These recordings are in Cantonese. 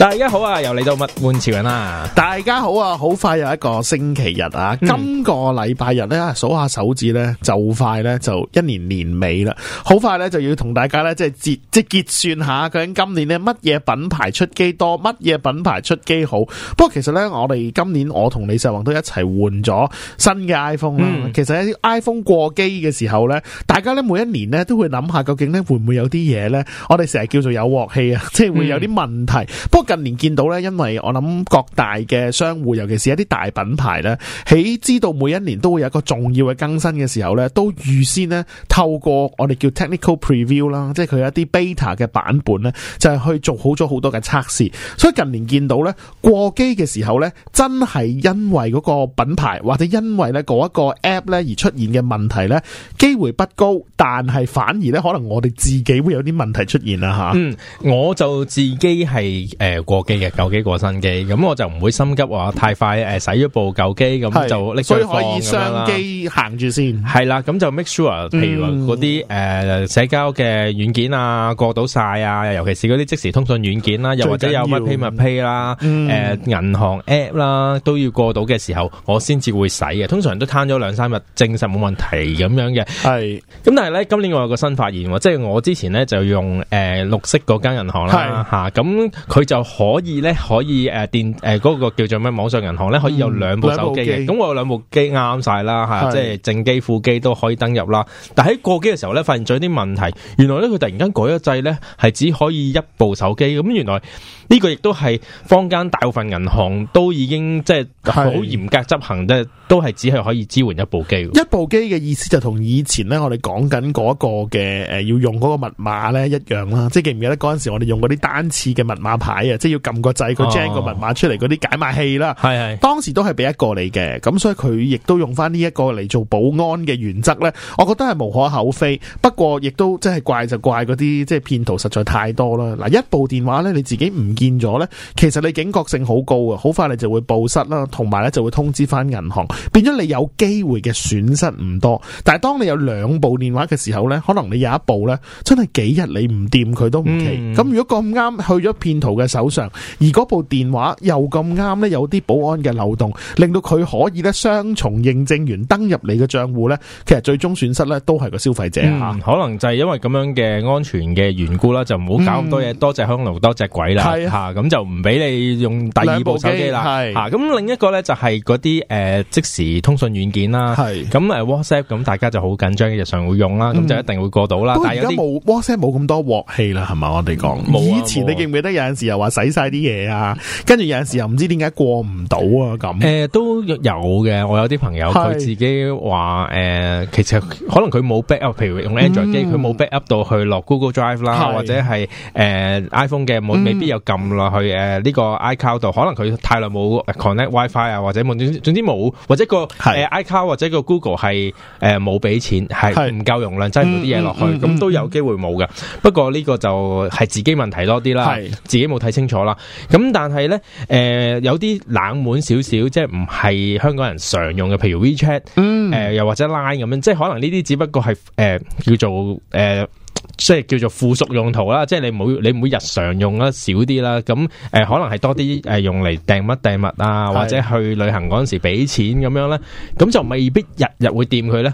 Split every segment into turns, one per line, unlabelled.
大家好啊，又嚟到物玩潮人啦！大家
好啊，好快又一個星期日啊，嗯、今個禮拜日咧，數下手指咧，就快咧就一年年尾啦，好快咧就要同大家咧即係結即結算下究竟今年咧乜嘢品牌出機多，乜嘢品牌出機好？不過其實咧，我哋今年我同李世宏都一齊換咗新嘅 iPhone 啦。嗯、其實呢 iPhone 過機嘅時候咧，大家咧每一年咧都會諗下究竟咧會唔會有啲嘢咧？我哋成日叫做有鑊氣啊，即係會有啲問題。嗯、不近年見到咧，因為我諗各大嘅商戶，尤其是一啲大品牌咧，喺知道每一年都會有一個重要嘅更新嘅時候咧，都預先呢透過我哋叫 technical preview 啦，即係佢有一啲 beta 嘅版本咧，就係去做好咗好多嘅測試。所以近年見到咧過機嘅時候咧，真係因為嗰個品牌或者因為咧嗰一個 app 咧而出現嘅問題咧，機會不高，但係反而咧可能我哋自己會有啲問題出現啦吓。嗯，
我就自己係誒，呃過機嘅舊機過新機，咁我就唔會心急話太快誒，使咗部舊機咁就搦所以可以雙機行住先，係啦，咁就 make sure，、嗯、譬如話嗰啲誒社交嘅軟件啊，過到晒啊，尤其是嗰啲即時通訊軟件啦、啊，又或者有咩 Pay、咩 Pay 啦，誒銀、呃嗯、行 App 啦，都要過到嘅時候，我先至會使嘅。通常都攤咗兩三日，證實冇問題咁樣嘅。係，咁但係咧，今年我有個新發現，即係我之前咧就用誒、呃、綠色嗰間銀行啦，吓，咁、啊、佢就。可以咧，可以誒電誒嗰個叫做咩網上銀行咧，可以有兩部手機嘅。咁、嗯、我有兩部機啱晒啦吓，即係正機副機都可以登入啦。但喺過機嘅時候咧，發現咗啲問題。原來咧，佢突然間改咗掣咧，係只可以一部手機咁。原來。呢個亦都係坊間大部分銀行都已經即係好嚴格執行咧，都係只係可以支援一部機。一
部機嘅意思就同以前咧，我哋講緊嗰個嘅誒要用嗰個密碼咧，一樣啦。即係記唔記得嗰陣時我哋用嗰啲單次嘅密碼牌啊，即係要撳個掣，佢 generate 個密碼出嚟嗰啲解碼器啦。係係，當時都係俾一個你嘅，咁所以佢亦都用翻呢一個嚟做保安嘅原則咧。我覺得係無可厚非，不過亦都即係怪就怪嗰啲即係騙徒實在太多啦。嗱，一部電話咧，你自己唔見咗咧，其實你警覺性好高啊，好快你就會報失啦，同埋咧就會通知翻銀行，變咗你有機會嘅損失唔多。但係當你有兩部電話嘅時候咧，可能你有一部咧真係幾日你唔掂佢都唔奇。咁、嗯、如果咁啱去咗騙徒嘅手上，而嗰部電話又咁啱咧有啲保安嘅漏洞，令到佢可以咧雙重認證完登入你嘅賬戶咧，其實最終損失咧都係個消費者啊、嗯。
可能就係因為咁樣嘅安全嘅緣故啦，就唔好搞咁多嘢，嗯，多隻香爐多隻鬼啦。吓、啊、咁就唔俾你用第二部手機啦。吓，咁、啊、另一個咧就係嗰啲誒即時通訊軟件啦。係咁、啊、WhatsApp 咁大家就好緊張嘅日常會用啦，咁、嗯、就一定會過到啦。但係而家冇
WhatsApp 冇咁多鑊氣啦，係咪？我哋講冇。以前、啊、你記唔記得有陣時又話使晒啲嘢啊？跟住有陣時又唔知點解過唔到啊？
咁誒、呃、都有嘅。我有啲朋友佢自己話誒、呃，其實可能佢冇 backup，譬如用 Android 機佢冇、嗯、backup 到去落 Google Drive 啦，或者係、呃、iPhone 嘅冇、嗯，未必有咁。唔落去誒，呢、呃這個 iCloud 度可能佢太耐冇 connect WiFi 啊，或者冇，總之冇，或者個、呃、iCloud 或者個 Google 係誒冇俾錢，係唔夠容量，載唔到啲嘢，落去，咁、嗯嗯嗯嗯嗯嗯、都有機會冇㗎。不過呢個就係自己問題多啲啦，係自己冇睇清楚啦。咁但係咧，誒、呃、有啲冷門少少，即係唔係香港人常用嘅，譬如 WeChat，誒、嗯呃、又或者 Line 咁樣，即係可能呢啲只不過係誒、呃、叫做誒。呃即係叫做附屬用途啦，即係你每你會日常用得少啲啦，咁、呃、可能係多啲用嚟訂乜訂物啊，或者去旅行嗰陣時俾錢咁樣咧，咁就未必日日會掂佢咧。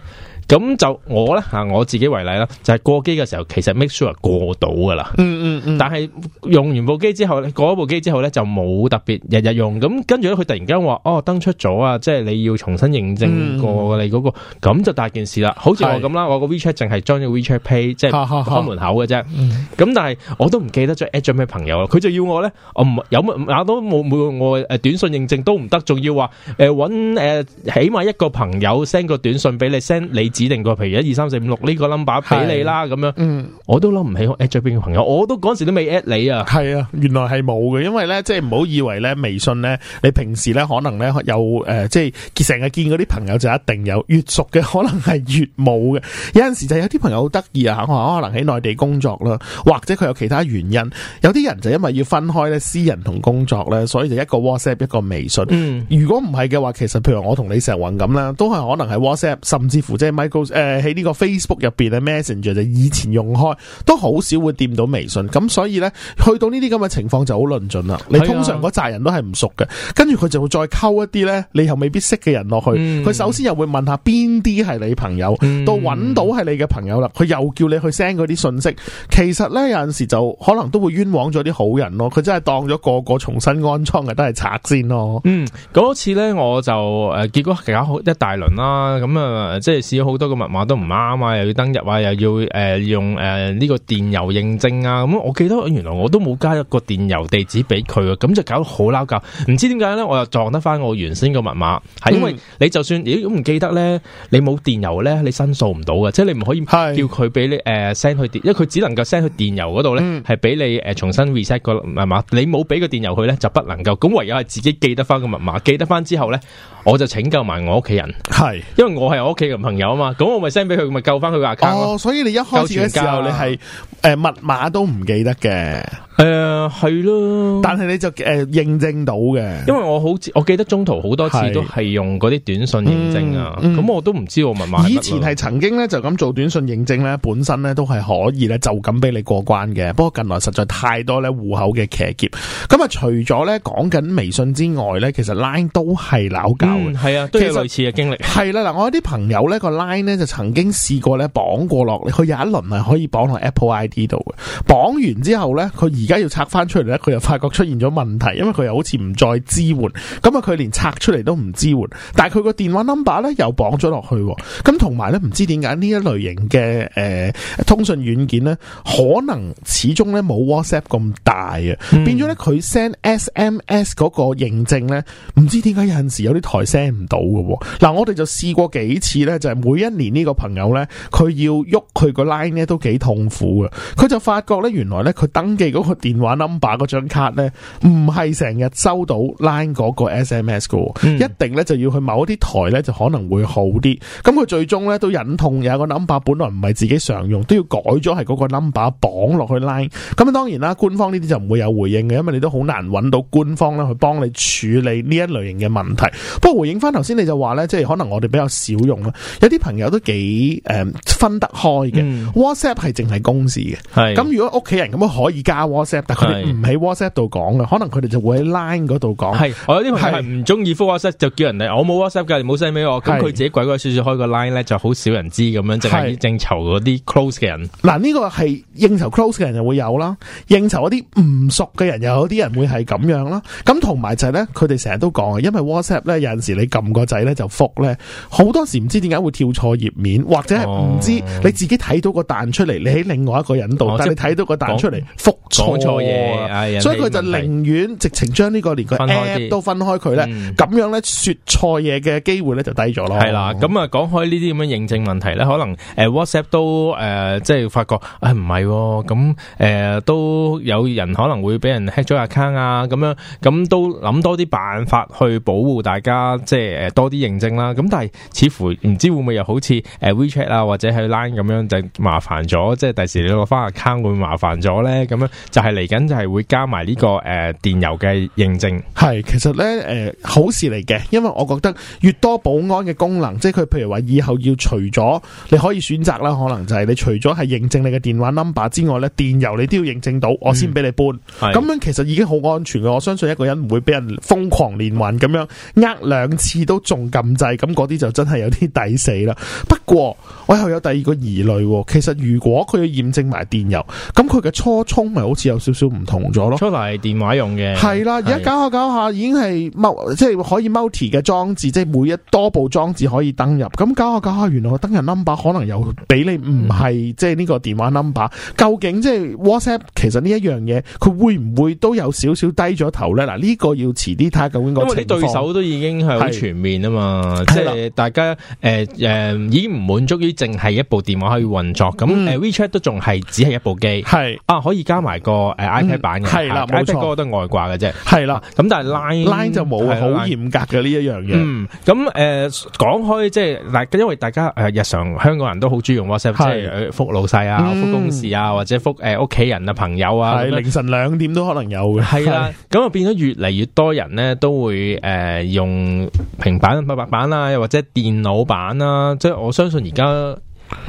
咁就我咧吓我自己為例啦，就係、是、過機嘅時候，其實 make sure 係過到噶啦。嗯嗯嗯。但係用完部機之後，過咗部機之後咧，就冇特別日日用。咁跟住咧，佢突然間話哦登出咗啊，即係你要重新認證過你嗰、那個，咁、嗯、就大件事啦。好似我咁啦，我個 WeChat 淨係裝咗 WeChat Pay，即係開門口嘅啫。咁、嗯、但係我都唔記得咗 add 咗、嗯、咩朋友啊，佢就要我咧，我唔有乜揦到冇冇我誒短信認證都唔得，仲要話誒揾誒起碼一個朋友 send 個短信俾你 send 你。指定個譬如一二三四五六呢個 number 俾你啦，咁樣，我都諗唔起 at 咗邊個朋友，我都嗰時都未
at 你啊。係啊，原來係冇嘅，因為咧，即係唔好以為咧微信咧，你平時咧可能咧有誒，即係成日見嗰啲朋友就一定有，越熟嘅可能係越冇嘅，有陣時就係有啲朋友好得意啊，肯話我可能喺內地工作啦，或者佢有其他原因，有啲人就因為要分開咧，私人同工作咧，所以就一個 WhatsApp 一個微信，如果唔係嘅話，其實譬如我同你成日揾咁啦，都係可能係 WhatsApp，甚至乎即係咪？誒喺呢個 Facebook 入邊嘅 Messenger 就以前用開都好少會掂到微信咁，所以呢，去到呢啲咁嘅情況就好論盡啦。你通常嗰扎人都係唔熟嘅，跟住佢就會再溝一啲呢，你又未必識嘅人落去。佢、嗯、首先又會問下邊啲係你朋友，嗯、到揾到係你嘅朋友啦，佢又叫你去 send 嗰啲信息。其實呢，有陣時就可能都會
冤枉咗啲好人咯。佢真係當咗個個重新安倉嘅都係賊先咯、嗯。嗰次呢，我就誒、呃、結果搞好一大輪啦，咁啊、呃、即係試好。好多個密碼都唔啱啊，又要登入啊，又要誒、呃、用誒呢、呃這個電郵認證啊咁。我記得原來我都冇加一個電郵地址俾佢啊，咁就搞得好撈舊。唔知點解咧，我又撞得翻我原先個密碼，係因為你就算、呃、如果唔記得咧，你冇電郵咧，你申訴唔到嘅，即係你唔可以叫佢俾你誒 send、呃、去電，因為佢只能夠 send 去電郵嗰度咧，係、嗯、俾你誒重新 reset 個密碼。你冇俾個電郵去咧，就不能夠。咁唯有係自己記得翻個密碼，記得翻之後咧，我就請教埋我屋企人，係因為我係我屋企嘅朋友啊嘛。咁我咪 send 俾佢，咪救翻佢個 account 咯。哦，所以你一開始嘅時候你係。
誒、呃，密碼都唔記得嘅，誒、呃，係咯，但係你就誒、呃、認證到嘅，因為我好我記得中途
好多次都係用嗰啲短信認證啊，咁、嗯、我都唔知道我密碼。以前係
曾經咧就咁做短信認證咧，本身咧都係可以咧就咁俾你過關嘅，不過近來實在太多咧戶口嘅騎劫，咁、嗯、啊除咗咧講緊微信之外咧，其實 Line 都係拗交嘅，係啊，都係類似嘅經歷，係啦，嗱，我有啲朋友咧個 Line 咧就曾經試過咧綁過落，佢有一輪係可以綁落 Apple ID。呢度嘅綁完之後咧，佢而家要拆翻出嚟咧，佢又發覺出現咗問題，因為佢又好似唔再支援，咁啊，佢連拆出嚟都唔支援，但係佢個電話 number 咧又綁咗落去，咁同埋咧唔知點解呢一類型嘅誒通訊軟件咧，可能始終咧冇 WhatsApp 咁大啊、嗯，變咗咧佢 send SMS 嗰個認證咧，唔知點解有陣時有啲台 send 唔到嘅，嗱我哋就試過幾次咧，就係、是、每一年呢個朋友咧，佢要喐佢個 Line 咧都幾痛苦嘅。佢就發覺咧，原來咧佢登記嗰個電話 number 嗰張卡咧，唔係成日收到 Line 嗰個 SMS 喎、嗯。一定咧就要去某一啲台咧就可能會好啲。咁佢最終咧都忍痛有個 number 本來唔係自己常用，都要改咗係嗰個 number 綁落去 Line。咁當然啦，官方呢啲就唔會有回應嘅，因為你都好難揾到官方咧去幫你處理呢一類型嘅問題。不過回應翻頭先，你就話咧，即係可能我哋比較少用啦，有啲朋友都幾誒分得開嘅、嗯。WhatsApp 係淨係公司。係，咁如果屋企人咁樣可以加 WhatsApp，但佢哋唔喺 WhatsApp 度講嘅，可能佢哋就會喺 Line 嗰度講。係，我
有啲係唔中意覆 WhatsApp，就叫人嚟，我冇 WhatsApp 嘅，你唔好 send 俾我。咁佢自己鬼鬼祟祟開個 Line 咧，就好少人知咁樣，就係應酬嗰啲 close 嘅人。
嗱，呢個係應酬 close 嘅人又會有啦，應酬嗰啲唔熟嘅人，又有啲人會係咁樣啦。咁同埋就係咧，佢哋成日都講啊，因為 WhatsApp 咧，有陣時你撳個掣咧就覆咧，好多時唔知點解會跳錯頁面，或者唔知你自己睇到個彈出嚟，你喺另外一個。引導，但係睇到個彈出嚟，覆錯嘢，所以佢就寧願直情將呢個連個 app 都分開佢咧，咁、嗯、樣咧說錯嘢嘅機會咧就低咗
咯。係啦，咁啊講開呢啲咁樣認證問題咧，可能誒 WhatsApp 都誒、呃、即係發覺誒唔係咁誒都有人可能會俾人 hack 咗 account 啊咁樣，咁都諗多啲辦法去保護大家，即係誒、呃、多啲認證啦。咁但係似乎唔知會唔會又好似誒 WeChat 啊或者係 Line 咁樣就麻煩咗，即係第時你花 account 會麻煩咗咧，咁樣就係嚟緊就係會加埋呢、呢個誒、呃、電郵嘅認證，係，其實咧誒、呃、好事嚟
嘅，因為我覺得越多保安嘅功能，即係佢譬如話以後要除咗你可以選擇啦，可能就係你除咗係認證你嘅電話 number 之外咧，電郵你都要認證到，我先俾你搬。咁、嗯、樣其實已經好安全嘅，我相信一個人唔會俾人瘋狂連環咁樣呃兩次都仲禁制，咁嗰啲就真係有啲抵死啦。不過我又有第二個疑慮，其實如果佢要驗證埋。電郵咁佢嘅初衷咪好似有少少唔
同咗咯，出嚟電話用嘅係啦，而家
搞下搞下已經係 multi 即係可以 multi 嘅裝置，即係每一多部裝置可以登入。咁搞下搞下，原來登入 number 可能又俾你唔係即係呢個電話 number、嗯。究竟即係 WhatsApp 其實呢一樣嘢，佢會唔會都有少少低咗頭咧？嗱，呢個要遲啲睇下究竟個情況。因為啲對手都已經係好全
面啊嘛，即係、就是、大家誒誒、呃呃、已經唔滿足於淨係一部電話可以運作。咁誒、嗯呃、，WeChat 都仲係。只係一部機，係啊，可以加埋個誒、uh, iPad 版嘅，係、嗯、啦，冇、啊、錯，都外掛嘅啫，係啦。咁、啊、但係 Line Line 就冇，好嚴格嘅呢一樣嘢。咁誒講開，即係嗱，因為大家誒、uh, 日常香港人都好中意用 WhatsApp，即係、就是、覆老細啊、嗯，覆公事啊，或者覆誒屋企人啊、朋友啊，係凌晨兩點都可能有嘅，係啦。咁啊變咗越嚟越多人咧都會誒、uh, 用平板、啊、平板版啦，又或者電腦版啦，即、就、係、是、我相信而家。嗯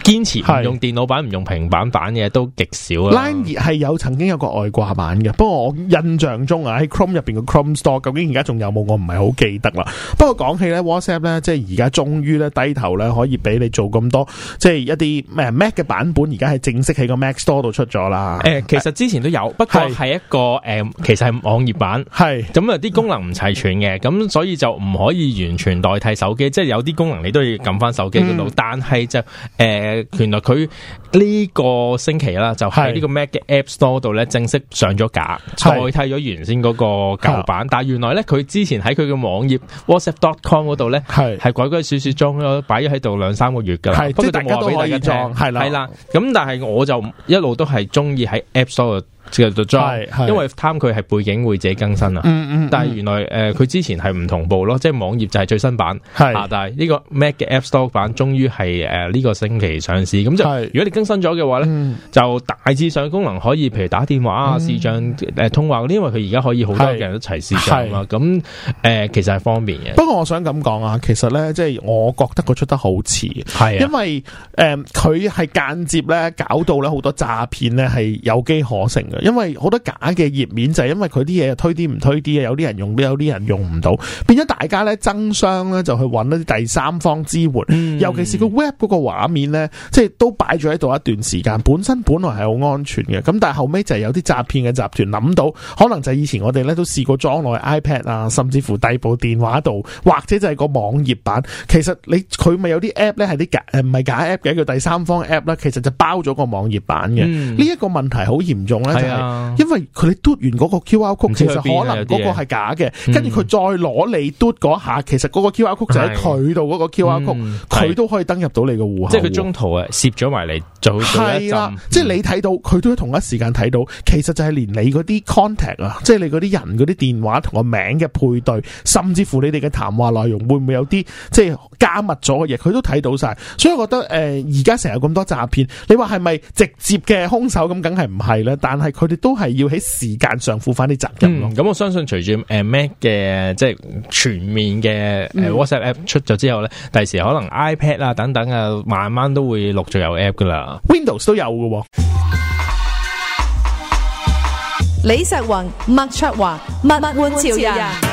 堅持唔用電腦版，唔用平板版嘅都極少啦。Line
係有曾經有個外掛版嘅，不過我印象中啊喺 Chrome 入邊個 Chrome Store 究竟而家仲有冇我唔係好記得啦。不過講起咧 WhatsApp 咧，即係而家終於咧低頭咧可以俾你做咁多，即係一啲 Mac 嘅版本，而家係正式喺個 Mac Store 度出咗啦。誒、
呃，其實之前都有，呃、不過係一個誒、呃，其實係網頁版，係咁啊，啲功能唔齊全嘅，咁、嗯、所以就唔可以完全代替手機，即係有啲功能你都要撳翻手機嗰度，但係就誒。呃誒、呃，原來佢呢個星期啦，就喺呢個 Mac 嘅 App Store 度咧正式上咗架，代替咗原先嗰個舊版。但係原來咧，佢之前喺佢嘅網頁 WhatsApp dot com 嗰度咧，係係鬼鬼祟祟裝咗，擺咗喺度兩三個月噶。喇。不過大家都可以裝，係啦，咁但係我就一路都係中意喺 App Store。即係，因為貪佢係背景會自己更新啊。但係原來誒佢、呃、之前係唔同步咯，即係網頁就係最新版。啊，但係呢個 Mac 嘅 App Store 版終於係誒呢個星期上市。咁就如果你更新咗嘅話咧、嗯，就大致上功能可以，譬如打電話啊、視像誒通話，啲，因為佢而家可以好多嘅人一齊試。咗啊咁誒其實係方便嘅。不
過我想咁講啊，其實咧即係我覺得佢出得好遲，係、啊、因
為誒
佢係間接咧搞到咧好多詐騙咧係有機可乘因為好多假嘅頁面就係、是，因為佢啲嘢推啲唔推啲，有啲人用都有啲人用唔到，變咗大家咧爭相咧就去揾一啲第三方支援，嗯、尤其是 web 個 web 嗰個畫面咧，即係都擺咗喺度一段時間，本身本來係好安全嘅，咁但係後尾就係有啲詐騙嘅集團諗到，可能就係以前我哋咧都試過裝落 iPad 啊，甚至乎第二部電話度，或者就係個網頁版，其實你佢咪有啲 app 咧係啲假唔係假 app 嘅叫第三方 app 呢，其實就包咗個網頁版嘅呢一個問題好嚴重咧。因為佢你嘟完嗰個 QR code，其實、啊、可能嗰個係假嘅。跟住佢再攞你嘟嗰下，其實嗰個 QR code 就喺佢度嗰個 QR code，佢、嗯、都可以登入到你個戶口。即係佢中
途啊，攝咗埋嚟做係啦。即係你睇
到，佢都同一時間睇到。其實就係連你嗰啲 contact 啊，即係你嗰啲人嗰啲電話同個名嘅配對，甚至乎你哋嘅談話內容，會唔會有啲即係加密咗嘅嘢？佢都睇到曬。所以我覺得誒，而家成日咁多詐騙，你話係咪直接嘅兇手咁？梗係唔係啦。但係。佢哋都係要喺時
間上負翻啲責任咯。咁我相信隨住誒 Mac 嘅，即係全面嘅誒 WhatsApp App 出咗之後咧，第、嗯、時可能 iPad 啊等等啊，慢慢都會陸續有 App 噶啦。Windows 都有噶、喔。
李石宏、麥卓華、物玩潮人。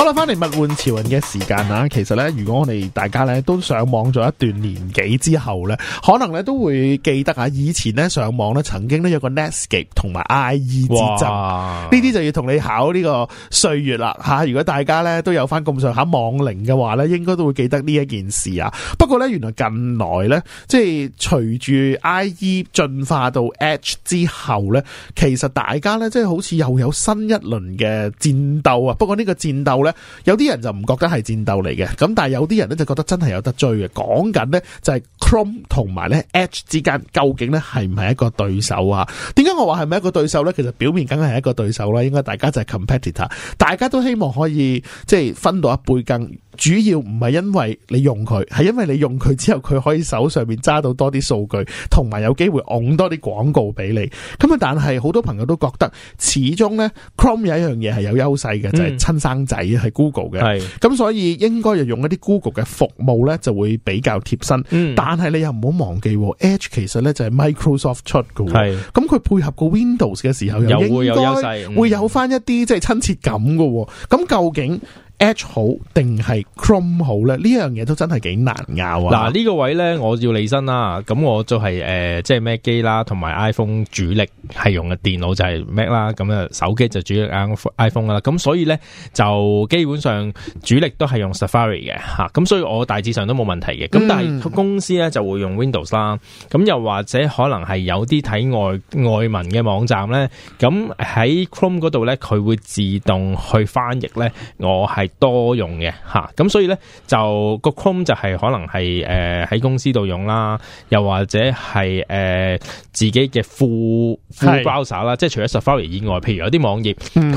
好啦，翻嚟物玩潮人嘅時間啊，其實咧，如果我哋大家咧都上網咗一段年紀之後咧，可能咧都會記得啊。以前咧上網咧，曾經咧有個 Netscape 同埋 IE 之爭，呢啲就要同你考呢個歲月啦吓。如果大家咧都有翻咁上下網齡嘅話咧，應該都會記得呢一件事啊。不過咧，原來近來咧，即係隨住 IE 進化到 Edge 之後咧，其實大家咧即係好似又有新一輪嘅戰鬥啊。不過呢個戰鬥咧。有啲人就唔覺得係戰鬥嚟嘅，咁但係有啲人咧就覺得真係有得追嘅。講緊呢就係 Chrome 同埋咧 Edge 之間究竟呢係唔係一個對手啊？點解我話係咪一個對手呢？其實表面梗係一個對手啦，應該大家就係 competitor，大家都希望可以即係分到一杯羹。主要唔係因為你用佢，係因為你用佢之後，佢可以手上面揸到多啲數據，同埋有機會掹多啲廣告俾你。咁啊，但係好多朋友都覺得，始終呢 Chrome 有一樣嘢係有優勢嘅，就係、是、親生仔，係 Google 嘅。咁，所以應該用一啲 Google 嘅服務呢，就會比較貼身。嗯、但係你又唔好忘記 Edge，其實呢就係 Microsoft 出嘅。咁，佢配合個 Windows 嘅時候，有應該會有翻一啲即係親切感喎。咁、嗯、究竟？Edge 好定係 Chrome 好咧？呢樣嘢都真係幾難
拗啊！嗱、呢、這個位咧，我要離身、就是呃就是、啦。咁我就係誒，即係 Mac 機啦，同埋 iPhone 主力係用嘅電腦就係 Mac 啦。咁啊，手機就主力 iPhone 啦。咁所以咧，就基本上主力都係用 Safari 嘅吓。咁所以我大致上都冇問題嘅。咁、嗯、但係個公司咧就會用 Windows 啦。咁又或者可能係有啲睇外外文嘅網站咧。咁喺 Chrome 度咧，佢會自動去翻譯咧。我係。多用嘅吓，咁、啊、所以咧就個 Chrome 就係可能係誒喺公司度用啦，又或者係誒、呃、自己嘅副副 browser 啦，即係除咗 Safari 以外，譬如有啲網頁佢、嗯，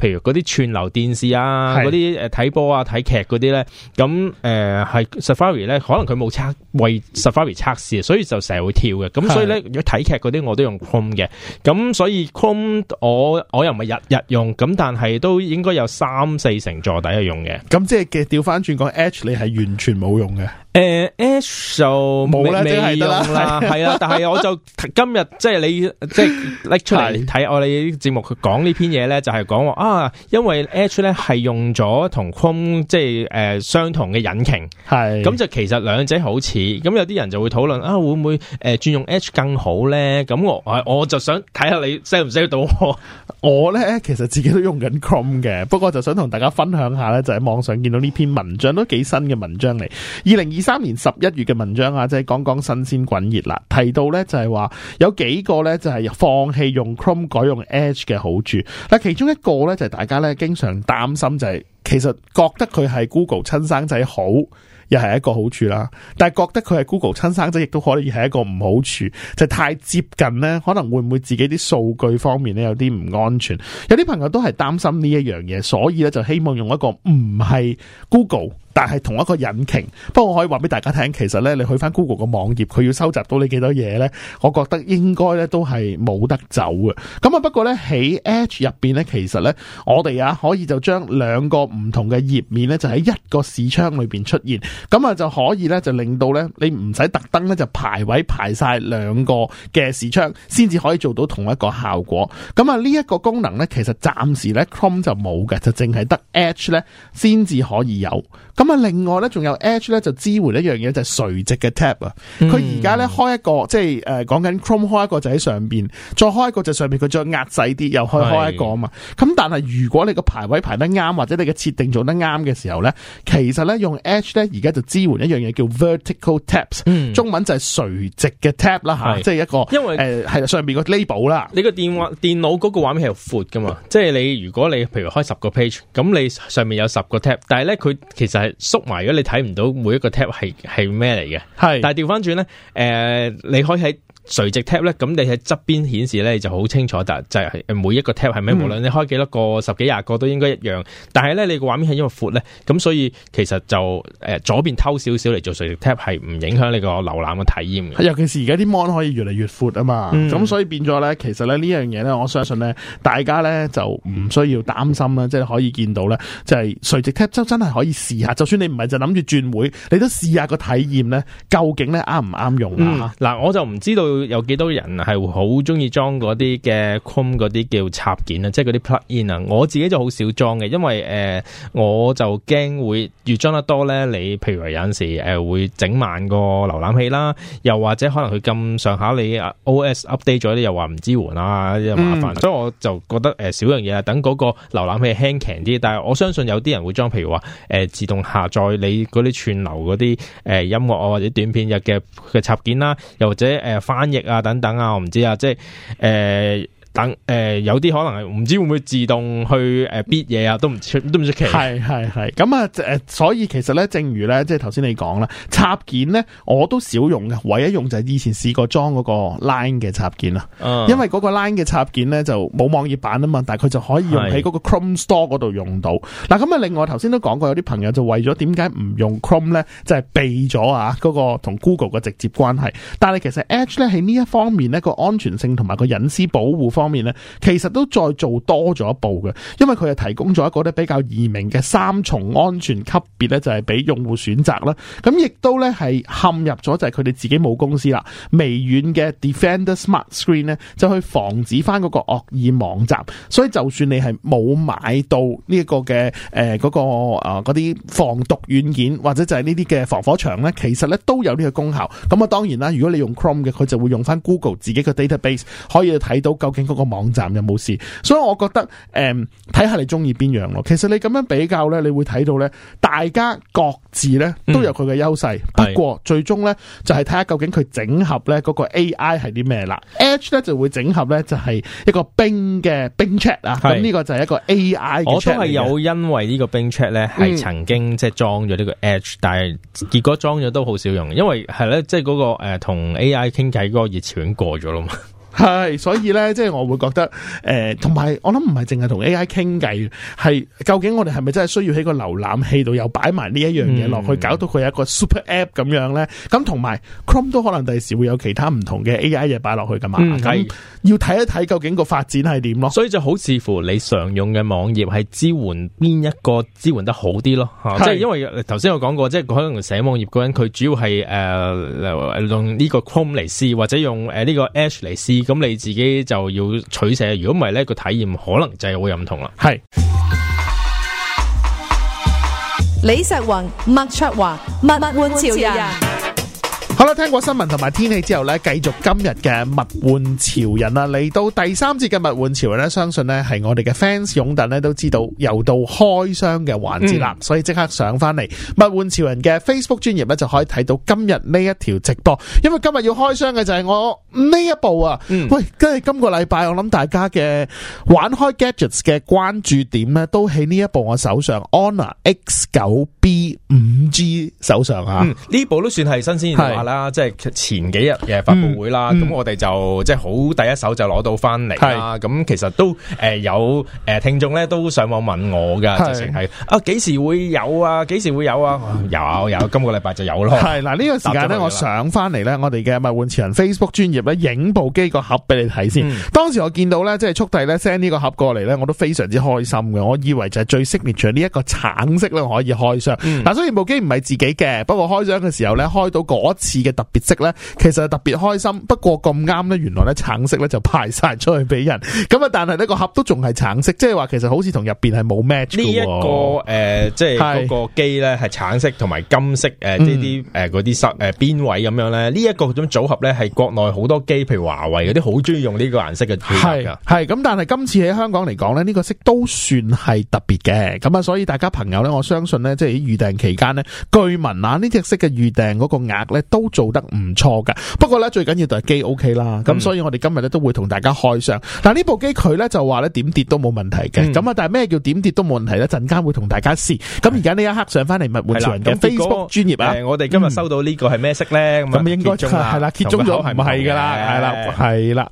譬如嗰啲串流電視啊，嗰啲誒睇波啊、睇劇嗰啲咧，咁誒係 Safari 咧，可能佢冇測為 Safari 測試，所以就成日會跳嘅。咁所以咧，如果睇劇嗰啲我都用 Chrome 嘅，咁所以 Chrome 我我又唔係日日用，咁但係都應該有三四成坐底。有用嘅，咁
即係嘅調翻轉講，Edge 你係完全冇用嘅。誒
，Edge 就冇啦，呃、用啦，係啦，但係我就 今日即係你即係搦出嚟睇我哋啲節目，佢講呢篇嘢咧，就係講話啊，因為 Edge 咧係用咗同 Chrome 即係誒相同嘅引擎，係咁就其實兩者好似，咁有啲人就會討論啊，會唔會誒轉、呃、用 Edge 更好咧？咁我我就想睇下你 s e 識唔 s e 識到我咧，其實自己都用緊 Chrome 嘅，不過就想同大家分享下咧，就喺網上見
到呢篇文章都幾新嘅文章嚟，二零二。三年十一月嘅文章啊，即係講講新鮮滾熱啦，提到呢就係話有幾個呢就係放棄用 Chrome 改用 Edge 嘅好處。嗱，其中一個呢就係大家呢經常擔心就係、是，其實覺得佢係 Google 親生仔好，又係一個好處啦。但係覺得佢係 Google 親生仔，亦都可以係一個唔好處，就係、太接近呢，可能會唔會自己啲數據方面呢有啲唔安全。有啲朋友都係擔心呢一樣嘢，所以咧就希望用一個唔係 Google。但係同一個引擎，不過我可以話俾大家聽，其實呢，你去翻 Google 個網頁，佢要收集到你幾多嘢呢？我覺得應該呢都係冇得走嘅。咁啊，不過呢，喺 Edge 入面呢，其實呢，我哋啊可以就將兩個唔同嘅頁面呢，就喺一個視窗裏面出現，咁啊就可以呢，就令到呢，你唔使特登呢，就排位排晒兩個嘅視窗先至可以做到同一個效果。咁啊呢一個功能呢，其實暫時呢 Chrome 就冇嘅，就淨係得 Edge 呢，先至可以有。咁啊，另外咧，仲有 Edge 咧，就支援一樣嘢，就係、是、垂直嘅 Tab 啊。佢而家咧開一個，即係誒講緊 Chrome 開一個就喺上邊，再開一個就上邊，佢再壓細啲，又開開一個啊嘛。咁但係如果你個排位排得啱，或者你嘅設定做得啱嘅時候咧，其實咧用 Edge 咧而家就支援一樣嘢叫 Vertical Tabs，、嗯、中文就係垂
直嘅 Tab 啦吓，即係一個因為誒、呃、係上面個 Label 啦。你個電話、電腦嗰個畫面係闊噶嘛？即係你如果你譬如開十個 page，咁你上面有十個 Tab，但係咧佢其實係。縮埋咗，你睇唔到每一個 tab 係係咩嚟嘅？係，但係調翻轉咧，誒、呃，你可以喺。垂直 tap 咧，咁你喺側邊顯示咧，你就好清楚。但就係、是、每一個 tap 係咩，嗯、無論你開幾多個，十幾廿個都應該一樣。但係咧，你個畫面係因為闊咧，咁所以其實就誒、呃、左邊偷少少嚟做垂直 tap 係唔影響你個瀏覽嘅體驗嘅。
尤其是而家啲 mon 可以越嚟越闊啊嘛，咁、嗯、所以變咗咧，其實咧，呢樣嘢咧，我相信咧，大家咧就唔需要擔心啦，即、就、係、是、可以見到咧，即、就、係、是、垂直 tap 真係可以試下。就算你唔係就諗住轉會，你都試下個體驗咧，究竟咧啱唔啱用？嗱、
啊嗯，我就唔知道。會有幾多人係好中意裝啲嘅 Chrome 嗰啲叫插件啊，即係啲 plug in 啊。我自己就好少裝嘅，因為誒、呃、我就驚會越裝得多咧。你譬如話有陣時誒、呃、會整慢個瀏覽器啦，又或者可能佢咁上下你 O S update 咗啲又話唔支援？啊，又麻煩、嗯。所以我就覺得誒少、呃、樣嘢啊。等個瀏覽器輕強啲，但係我相信有啲人會裝，譬如話誒、呃、自動下載你啲串流啲誒、呃、音樂啊或者短片入嘅嘅插件啦，又或者誒翻。呃翻譯啊，等等啊，我唔知啊，即係誒。呃等誒、呃、有啲可能係唔知會唔會自動去誒 bit 嘢啊，都唔出都唔出奇。係係係咁啊
誒，所以其實咧，正如咧，即係頭先你講啦，插件咧我都少用嘅，唯一用就係以前試過裝嗰個 Line 嘅插件啦。嗯、uh.，因為嗰個 Line 嘅插件咧就冇網頁版啊嘛，但係佢就可以用喺嗰個 Chrome Store 嗰度用到。嗱咁啊，另外，頭先都講過有啲朋友就為咗點解唔用 Chrome 咧，就係、是、避咗啊嗰個同、那個、Google 嘅直接關係，但係其實 Edge 咧喺呢一方面咧個安全性同埋個隱私保護方。方面咧，其實都再做多咗一步嘅，因為佢係提供咗一個咧比較易明嘅三重安全級別咧，就係俾用戶選擇啦。咁亦都咧係陷入咗，就係佢哋自己冇公司啦，微軟嘅 Defender Smart Screen 咧，就去防止翻嗰個惡意網站。所以就算你係冇買到呢一個嘅誒嗰個誒嗰啲防毒軟件或者就係呢啲嘅防火牆咧，其實咧都有呢個功效。咁啊，當然啦，如果你用 Chrome 嘅，佢就會用翻 Google 自己嘅 database，可以睇到究竟，那個網站又冇事，所以我覺得誒，睇、嗯、下你中意邊樣咯。其實你咁樣比較咧，你會睇到咧，大家各自咧都有佢嘅優勢。不過最終咧，就係睇下究竟佢整合咧嗰個 AI 係啲咩啦。Edge 咧就會整合咧，就係一個冰嘅冰 chat 啊。咁呢個就係一個 AI chat。我都係有
因為呢個冰 chat 咧係曾經即係裝咗呢個 Edge，、嗯、但係結果裝咗都好少用，因為係咧即係嗰個誒同、呃、AI 傾偈嗰個熱潮過咗咯。嘛。係，所以咧，即係我會覺得，誒、呃，同
埋，我諗唔係淨係同 A I 傾偈，係究竟我哋係咪真係需要喺個瀏覽器度又擺埋呢一樣嘢落去，搞、嗯、到佢有一個 super app 咁樣咧？咁同埋，Chrome 都可能第時會有其他唔同嘅 A I 嘢擺落去噶嘛、嗯？要睇一睇究竟個發展係點咯。所以就
好視乎你常用嘅網頁係支援邊一個支援得好啲咯。即係因為頭先我講過，即係可能寫網頁嗰人佢主要係誒、呃、用呢個 Chrome 嚟試，或者用誒呢個 Edge 嚟試。咁你自己就要取捨，如果唔係咧，個體驗可能就會唔同啦。係
李石雲、麥卓華、物玩潮人。
好啦，聽過新聞同埋天
氣之後呢，繼續今日嘅物玩潮人啊！嚟到第三節嘅物玩潮人，呢，相信呢係我哋嘅 fans 擁躉呢都知道，又到開箱嘅環節啦，所以即刻上翻嚟物玩潮人嘅 Facebook 專頁呢就可以睇到今日呢一條直播，因為今日要開箱嘅就係我呢一部啊、嗯！喂，跟住今個禮拜我諗大家嘅玩開 gadgets 嘅關注點呢，都喺呢一部我手上，Honor X9B 5G 手上啊！
呢、嗯、部都算係新鮮。啦，即係前幾日嘅發布會啦，咁、嗯嗯、我哋就即係好第一手就攞到翻嚟啦。咁其實都誒有誒聽眾咧都上網問我噶，直情係啊幾時會有啊？幾時會有啊？啊有有，今個禮拜就有咯。係嗱呢個時間咧，我
上翻嚟咧，我哋嘅物玩潮人 Facebook 專頁咧影部機個盒俾你睇先、嗯。當時我見到咧，即係速遞咧 send 呢個盒過嚟咧，我都非常之開心嘅。我以為就係最 signature 呢一個橙色咧可以開箱。嗱、嗯，雖然部機唔係自己嘅，不過開箱嘅時候咧開到嗰次。嘅特別色咧，其實係特別開心。不過咁啱咧，原來咧橙色咧就派晒出去俾人。咁啊，但係呢個盒都仲係橙色，即係話其實好似同入邊係冇 match 嘅。呢一、這個
誒、呃，即係嗰個機咧係橙色同埋金色誒，呢啲誒嗰啲塞誒邊位咁樣咧？呢、這、一個組組合咧係國內好多機，譬如華為嗰啲好中意用呢個顏色嘅。係
係咁，但係今次喺香港嚟講咧，呢、這個色都算係特別嘅。咁啊，所以大家朋友咧，我相信咧，即係預訂期間咧，據聞啊，呢、這、隻、個、色嘅預訂嗰個額咧都。都做得唔錯噶，不過咧最緊要就係機 OK 啦，咁所以我哋今日咧都會同大家開箱。嗱呢部機佢咧就話咧點跌都冇問題嘅，咁啊但係咩叫點跌都冇問題咧？陣間會同大家試。咁而家呢一刻上翻嚟物玩潮人咁，Facebook 專業啊！
我哋今日收到呢個係咩色咧？咁應該揭中啦，係啦，係啦，係啦。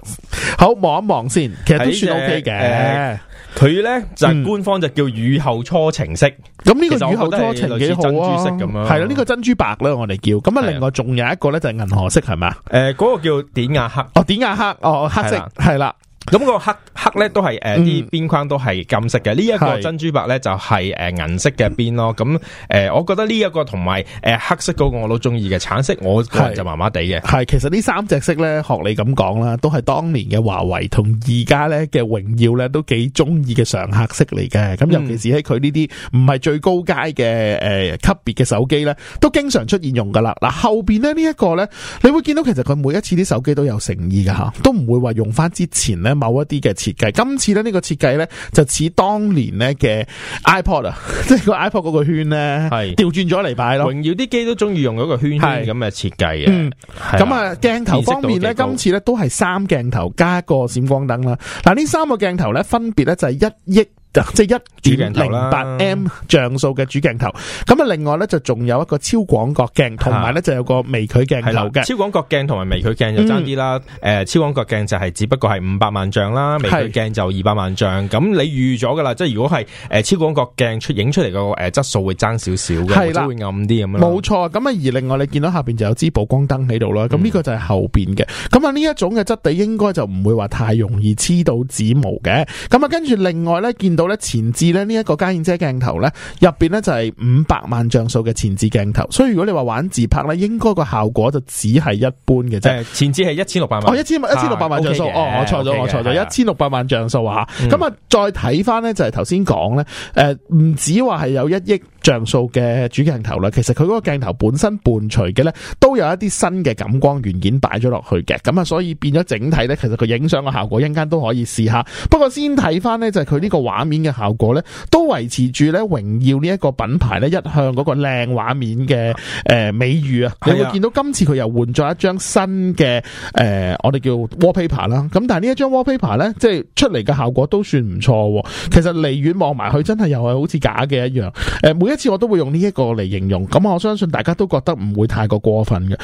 好望一望先，其實都算 OK 嘅。佢咧就官方就叫雨後初晴色，咁呢個雨後初晴幾好啊？珍珠色咁樣？係啦，
呢個珍珠白咧我哋叫。咁啊，另外仲有。第一個咧就係銀河色係嘛，
誒，嗰、呃那個叫典雅黑，哦，典雅黑，哦，黑色係啦。咁、那個黑黑咧都係誒啲邊框都係金色嘅，呢、這、一個珍珠白咧就係誒銀色嘅邊咯。咁誒、呃，我覺得呢一個同埋誒黑色嗰個我都中意嘅，橙色我係就麻麻地嘅。係，其實三
呢三隻色咧，學你咁講啦，都係當年嘅華為同而家咧嘅榮耀咧都幾中意嘅常客色嚟嘅。咁尤其是喺佢呢啲唔係最高階嘅誒級別嘅手機咧，都經常出現用噶啦。嗱、啊、後邊咧呢一、這個咧，你會見到其實佢每一次啲手機都有誠意嘅吓、啊，都唔會話用翻之前咧。某一啲嘅設計，今次咧呢個設計呢，就似當年呢嘅 iPod 啊，即係個 iPod 嗰個圈呢，係
調轉咗嚟擺咯。榮耀啲機都中意用嗰個圈圈，係咁嘅設計嘅。嗯，咁啊鏡頭方面呢，今
次呢都係三鏡頭加一個閃光燈啦。嗱，呢三個鏡頭呢，分別呢就係一億。即係一點零八 M 像素嘅主鏡頭，咁啊，另外咧就仲有一個超廣角鏡，同埋咧就有個微距鏡頭嘅，啊。超
廣角鏡同埋微距鏡就爭啲啦。誒、嗯，超廣角鏡就係只不過係五百萬像啦，微距鏡就二百萬像。咁你預咗噶啦，即係如果係誒超廣角鏡出影出嚟個誒質素會爭少少嘅，係啦會暗啲咁樣。冇
錯，咁啊而另外你見到下邊就有支補光燈喺度啦，咁、嗯、呢個就係後邊嘅。咁啊呢一種嘅質地應該就唔會話太容易黐到指毛嘅。咁啊跟住另外咧見到。前置咧呢一個加燕遮鏡頭呢，入邊呢就係五百萬像素嘅前置鏡頭，所以如果你話玩自拍呢，應該個效果就只係一般嘅啫。
前置係一千六百萬哦，一千一千六百萬像素、啊 okay、哦，我錯咗、okay，我錯咗，一
千六百萬像素啊吓，咁、um, 啊再睇翻呢，就係頭先講呢，誒唔止話係有一億。像素嘅主鏡頭啦，其實佢嗰個鏡頭本身伴隨嘅咧，都有一啲新嘅感光元件擺咗落去嘅，咁啊，所以變咗整體咧，其實佢影相嘅效果一陣間都可以試下。不過先睇翻咧，就係佢呢個畫面嘅效果咧，都維持住咧榮耀呢一個品牌咧一向嗰個靚畫面嘅誒美譽啊！你會見到今次佢又換咗一張新嘅誒、呃，我哋叫 wallpaper 啦。咁但係呢一張 wallpaper 咧，即係出嚟嘅效果都算唔錯。其實離遠望埋去，真係又係好似假嘅一樣。誒，每一次我都會用呢一個嚟形容，咁我相信大家都覺得唔會太過過分嘅。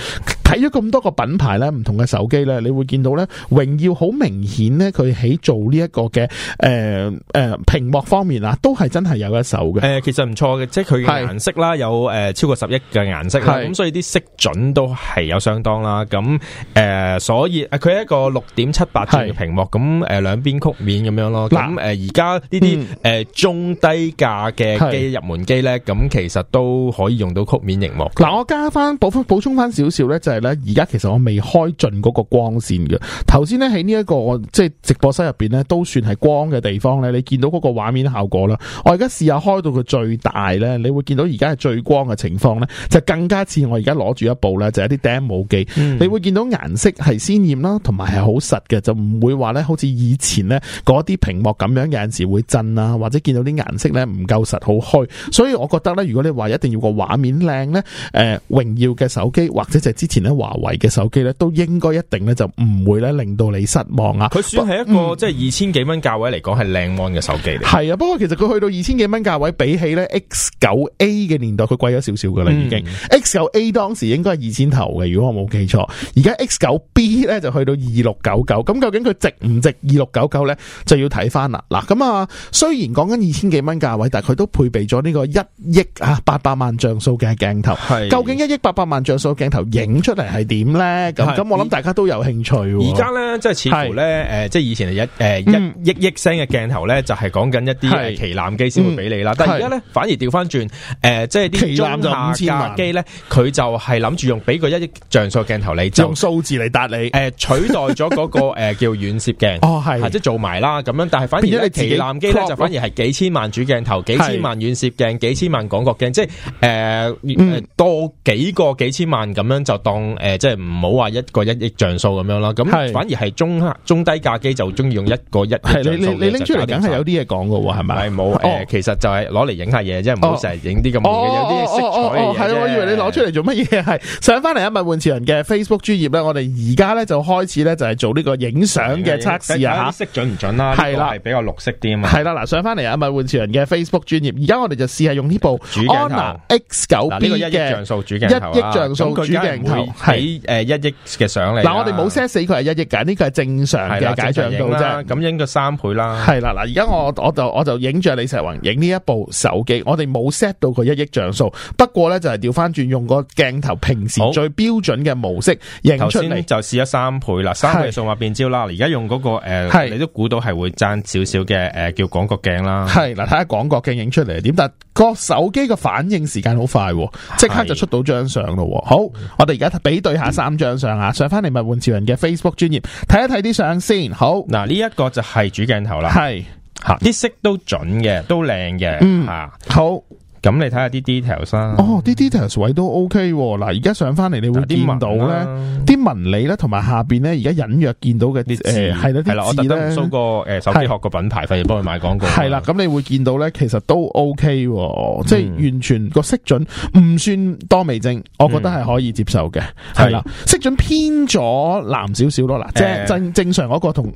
睇咗咁多個品牌咧，唔同嘅手機咧，你會見到咧，榮耀好明顯咧，佢喺做呢一個嘅，誒、呃、誒屏幕方面啊，都係真係有一手嘅。誒、
呃，其實唔錯嘅，即係佢嘅顏色啦，有誒、呃、超過十億嘅顏色啦，咁、嗯、所以啲色準都係有相當啦。咁誒、呃，所以誒佢係一個六點七八寸嘅屏幕，咁誒兩邊曲面咁樣咯。咁誒而家呢啲誒中低價嘅機、入門機咧。咁其實都可以用到曲面螢幕。
嗱， 我加翻補翻補充翻少少呢，就係呢。而家其實我未開盡嗰個光線嘅。頭先呢，喺呢一個即係直播室入面呢，都算係光嘅地方呢，你見到嗰個畫面效果啦。我而家試下開到佢最大呢，你會見到而家係最光嘅情況呢，就更加似我而家攞住一部呢，就係、一啲 demo 機、嗯。你會見到顏色係鮮豔啦，同埋係好實嘅，就唔會話呢，好似以前呢嗰啲屏幕咁樣有陣時會震啊，或者見到啲顏色呢唔夠實，好虛。所以我我覺得咧，如果你話一定要個畫面靚咧，誒、呃，榮耀嘅手機或者就之前咧華為嘅手機咧，都應該一定咧就唔會咧令到你失望、嗯、啊！佢算係一
個即係二千幾蚊價位嚟講係靚 mon 嘅手機嚟。係啊，
不過其實佢去到二千幾蚊價位，比起咧 X 九 A 嘅年代，佢貴咗少少噶啦已經點點。嗯、X 九 A 當時應該係二千頭嘅，如果我冇記錯，而家 X 九 B 咧就去到二六九九。咁究竟佢值唔值二六九九咧？就要睇翻啦。嗱，咁啊，雖然講緊二千幾蚊價位，但係佢都配備咗呢、這個一。億啊八百萬
像素嘅鏡頭，係究
竟一億八百萬像素鏡頭影出嚟係點咧？咁咁我諗大家都有興趣、啊現在呢。而家咧
即係似乎咧，誒、呃、即係以前係一誒、呃嗯、一億億聲嘅鏡頭咧，就係講緊一啲旗艦機先會俾你啦。但係而家咧反而調翻轉，誒即係啲旗艦機咧，佢就係諗住用俾個一億像素鏡頭嚟，用數字嚟答你。誒取代咗嗰個誒叫遠攝鏡哦，係即做埋啦咁樣。但係反而咧旗艦機咧就反而係幾千萬主鏡頭，幾千萬遠攝鏡，幾千。萬廣告鏡，即係誒多幾個幾千萬咁樣，就當誒、呃、即係唔好話一個一億像素咁樣啦。咁反而係中中低價機就中意用一個一係你拎出嚟，梗係有啲嘢講噶，係、啊、咪？冇誒、啊呃哦，其實就係攞嚟影下嘢，即係唔好成日影啲咁嘅有啲色彩嘅。係、哦哦哦哦哦哦，我以為你攞出
嚟做乜嘢？係上翻嚟阿米換潮人嘅 Facebook 專業咧，我哋而家咧就開始咧就係做呢個影相嘅測試啊吓，色
準唔準啦？係啦，係比較綠色啲啊。
係啦，嗱，上翻嚟阿米換潮人嘅 Facebook 專業，而家我哋就試下用部 Honor X 九 B 呢個一億像素，主鏡，一億像素主鏡頭係
誒、呃、一億嘅上嚟。嗱我
哋冇 set 死佢係一億噶呢個係正常嘅解像度啫。咁影咗三
倍啦。係啦嗱，而
家我我就我就影住李石云影呢一部手機，我哋冇 set 到佢一億像素，不過咧就係調翻轉用個鏡頭平時最標準嘅模式影出嚟，哦、
就試咗三倍啦，三倍數碼變焦啦。而家用嗰、那個誒、呃，你都估到係會爭少少嘅誒、呃、叫廣角鏡啦。係
嗱，睇下廣角鏡影出嚟點，但、那個手機嘅反應時間好快，即刻就出到張相咯。好，我哋而家比對下三張相啊，上翻嚟物玩
潮人嘅 Facebook 專頁睇一睇啲相先。好，嗱呢一個就係主鏡頭啦，係吓啲色都準嘅，都靚嘅，嗯啊好。咁你睇下啲 details 啦，
哦，啲 details 位都 OK，啊。嗱，而家上翻嚟你會見到咧，啲、啊、紋、啊、理咧，同埋下邊咧，而家隱約見到嘅啲誒係啦。係啦、呃，我特登掃個誒手機殼
個品牌，費事幫佢買廣告。
係啦，咁你會見到咧，其實都 OK，啊嗯、即係完全個色準唔算多微正，我覺得係可以接受嘅。係、嗯、啦，色準偏咗藍少少咯。嗱、欸，即係正正常個同，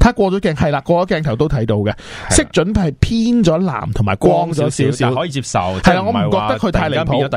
睇過咗鏡係啦，過咗鏡頭都睇到嘅色準係偏咗藍，同埋光咗少少，可以
接受。係啦，我唔係話而家變咗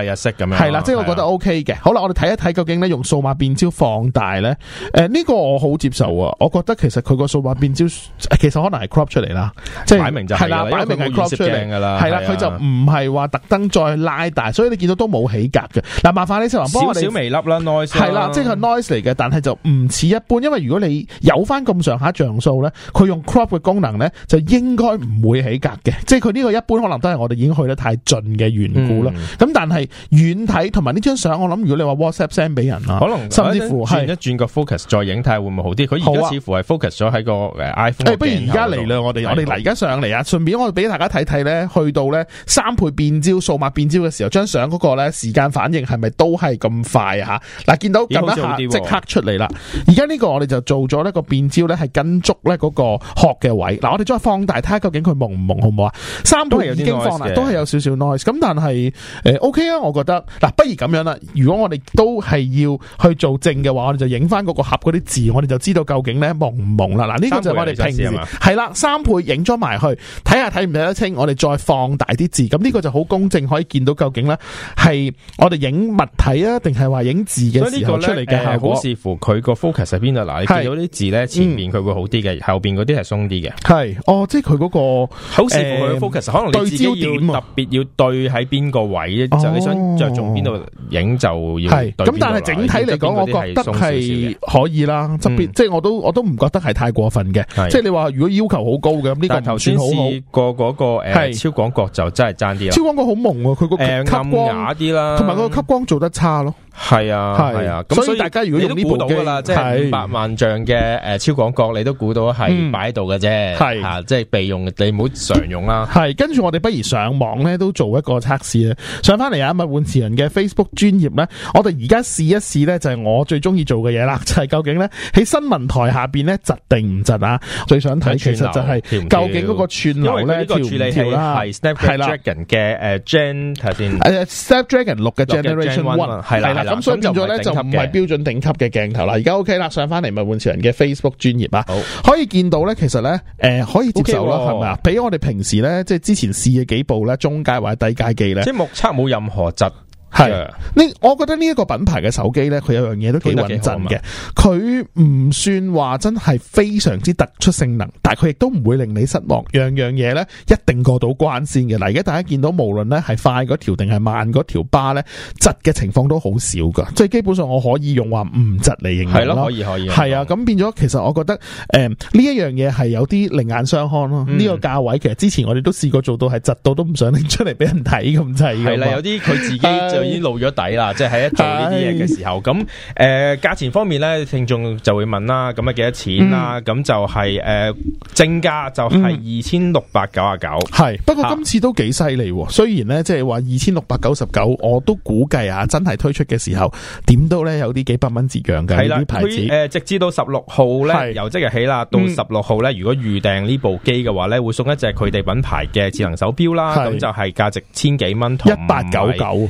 第二色咁樣。係啦，即係我覺得
O K 嘅。好啦，我哋睇一睇究竟咧，用數碼變焦放大咧，呢、呃這個我好接受啊！我覺得其實佢個數碼變焦其實可能係 crop 出嚟啦，即、就、係、是、擺明就係啦，擺明係 crop 出嚟嘅啦。係啦，佢就唔係話特登再拉大，所以你見到都冇起格嘅。嗱，麻煩你少華幫我哋微
粒啦 n i s e 係啦，即係
佢 n i s e 嚟嘅，但係就唔似一般，因為如果你有翻咁上下像素咧，佢用 crop 嘅功能咧，就應該唔會起格嘅。即係佢呢個一般可能都係我哋已經去得太嘅、嗯、緣故，咁但係遠睇同埋呢張相，我諗如果你話 WhatsApp send 俾人啊，可能甚至乎轉一
轉個 focus 再影睇下會唔會好啲？佢而家似乎係 focus 咗喺個誒 iPhone。誒、哎，不如而家嚟啦我哋，我哋嗱而家
上嚟啊，順便我哋俾大家睇睇咧，去到咧三倍變焦、數碼變焦嘅時候，張相嗰個咧時間反應係咪都係咁快呀？吓、啊、嗱，見到咁一即、啊、刻出嚟啦。而家呢個我哋就做咗呢、那個變焦咧，係跟足咧嗰個殼嘅位。嗱、啊，我哋再放大睇下究竟佢朦唔朦好唔好啊？三倍已經放大，都係有，有少少咁但係誒，O K 啊，我覺得嗱，不如咁樣啦。如果我哋都係要去做證嘅話，我哋就影翻嗰個盒嗰啲字，我哋就知道究竟咧蒙唔蒙啦。嗱，呢個就我哋平時係啦，三倍影咗埋去睇下睇唔睇得清，我哋再放大啲字，咁呢個就好公正，可以見到究竟咧係我哋影物體啊，定係話影字嘅時候出嚟嘅效果視、
呃、乎佢個 focus 喺邊度。嗱，你見到啲字咧前面佢會好啲嘅、嗯，後邊嗰啲係鬆啲嘅。
係哦，即係佢嗰個好似佢嘅 focus、欸、可能對焦點特
別要。對喺邊個位咧、哦，就你想着重邊度影就要對。咁，但係整體嚟講，我覺得係可
以啦。特別、嗯、即係我都我都唔覺得係太過分嘅。即係你話如果要求高好高嘅，咁呢個頭先試
過嗰個誒超廣角就真係爭啲。超廣
角好蒙喎，佢個吸光啲、呃、啦，同埋個吸光做得差咯。
係啊係啊，咁所以大家如果用呢部機，即係五百萬像嘅誒、呃、超廣角，你都估到係擺喺度嘅啫。係、啊、即係備用，你唔好常用啦。係，跟住我哋不如上網咧都做。做一個測試啊！上翻嚟啊，咪
換詞人嘅 Facebook 專頁咧，我哋而家試一試咧，就係我最中意做嘅嘢啦，就係究竟咧喺新聞台下邊咧，窒定唔窒啊？最想睇，其實就係究竟嗰個串流咧，呢個處理係 Snapdragon
嘅誒 Gen，
誒 Snapdragon 六嘅 Generation One，係啦，咁所以變咗咧就唔係標準頂級嘅鏡頭啦。而家 OK 啦，上翻嚟咪換詞人嘅 Facebook 專頁啊，可以見到咧，其實咧誒、呃、可以接受啦，係咪啊？畀我哋平時咧，即係之前試嘅幾部咧，中階或者。低階技咧，即係目測冇任何質。係，呢，我覺得呢一個品牌嘅手機呢，佢有樣嘢都幾穩陣嘅，佢唔算話真係非常之突出性能，但係佢亦都唔會令你失望，樣樣嘢呢，一定過到關線嘅。嗱，而家大家見到無論呢係快嗰條定係慢嗰條巴呢，窒嘅情況都好少噶，即係基本上我可以用話唔窒嚟形容。可以可以，係啊，咁變咗其實我覺得，誒呢一樣嘢係有啲另眼相看咯。嗯，呢個價位其實之前我哋都試過做到係窒到都唔想拎出嚟俾人睇咁滯。係啦，有啲佢自己就。 已經露
咗底啦，即係一做呢啲嘢嘅時候。咁誒，價、呃、錢方面呢，聽眾就會問啦，咁啊幾多錢啦？咁、嗯、就係、是、誒、呃、正價就係二千六百九十九。係
不過今次都幾犀利、啊，啊、雖然呢，即係話二千六百九十九，我都估計啊，真係推出嘅時候，點都呢，有啲幾百蚊折讓嘅。係啦，牌子、呃、
直至到十六號呢，由即日起啦，到十六號呢，如果預訂呢部機嘅話呢，嗯、會送一隻佢哋品牌嘅智能手錶啦，咁就係價值千幾蚊同一八九九。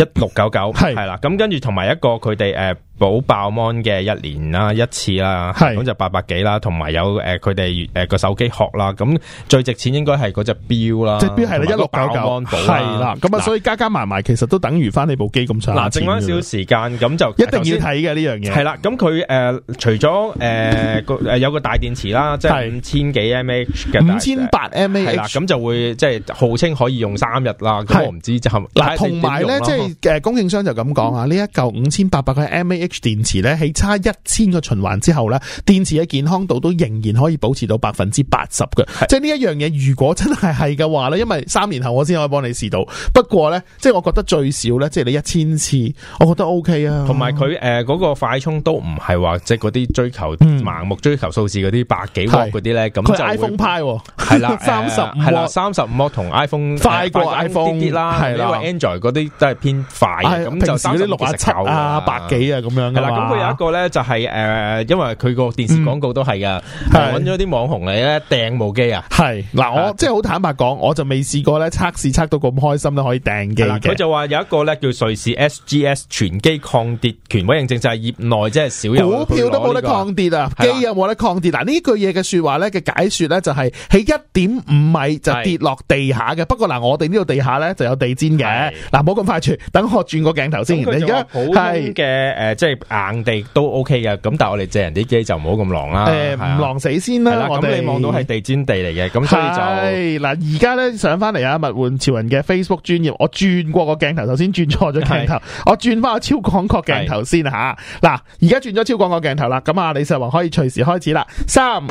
一六九九係啦，咁跟住同埋一個佢哋誒，呃保爆芒嘅一年啦，一次啦，咁就八百幾啦，同埋有誒佢哋誒個手機殼啦，咁最值錢應該係嗰隻表啦，即表係啦，一六九九，係啦，咁
啊，所以加加埋埋其實都等於翻你部機咁上下。嗱、啊，剩翻少少時
間，咁就一定要睇嘅呢樣嘢。係、啊這個、啦，咁佢誒除咗誒個誒有個大電池,大電池啦，即係五千幾 mAh 五千八 mAh，咁就會即係號稱可以用三日啦。咁我唔知之後嗱，同埋咧即
係誒供應商就咁講啊，呢、嗯、一嚿五千八百嘅 mAh 電池咧喺差一千個循環之後咧，電池嘅健康度都仍然可以保持到百分之八十嘅。是即係呢一樣嘢，如果真係係嘅話咧，因為三年後我先可以幫你試到。不過咧，即係我覺得最
少咧，即係你一千次，我覺得 OK 啊。同埋佢誒嗰個快充都唔係話即係嗰啲追求盲目追求數字嗰啲百幾塊嗰啲咧，咁就是 iPhone 派系啦，三十五係啦，三十五我同 iPhone 快過 iPhone 啲啦，係因為 Android 嗰啲都係偏快，咁、哎、就嗰啲六啊七啊百幾啊咁樣。係啦，咁佢有一個咧就係、是、誒、呃，因為佢個電視廣告都係噶，係搵咗啲網紅嚟咧訂部機啊。係，
嗱我即係好坦白講，我就未試過咧測試測到咁開心都可以訂機。佢就
話有一個咧叫瑞士 SGS 全機抗跌權威認證，就係、是、業內即係少有。股票都冇得抗跌啊，機
有冇得抗跌，啊？嗱呢句嘢嘅說話咧嘅解說咧就係喺一點五米就跌落地下嘅。不過嗱，我哋呢度地下咧就有地氈嘅。嗱，冇咁快住，等我轉個鏡頭先。你而家係
嘅誒。即係硬地都 OK 嘅，咁但係我哋借人啲機就唔好咁狼啦。誒、欸，唔狼死先啦。咁你望到係地氈地嚟嘅，咁所以就
嗱，而家咧上翻嚟啊，物玩潮人嘅 Facebook 專頁，我轉過個鏡頭，頭先轉錯咗鏡頭，我轉翻個超廣角鏡頭先吓。嗱，而家轉咗超廣角鏡頭啦，咁啊，啊李世宏可以隨時開始啦。三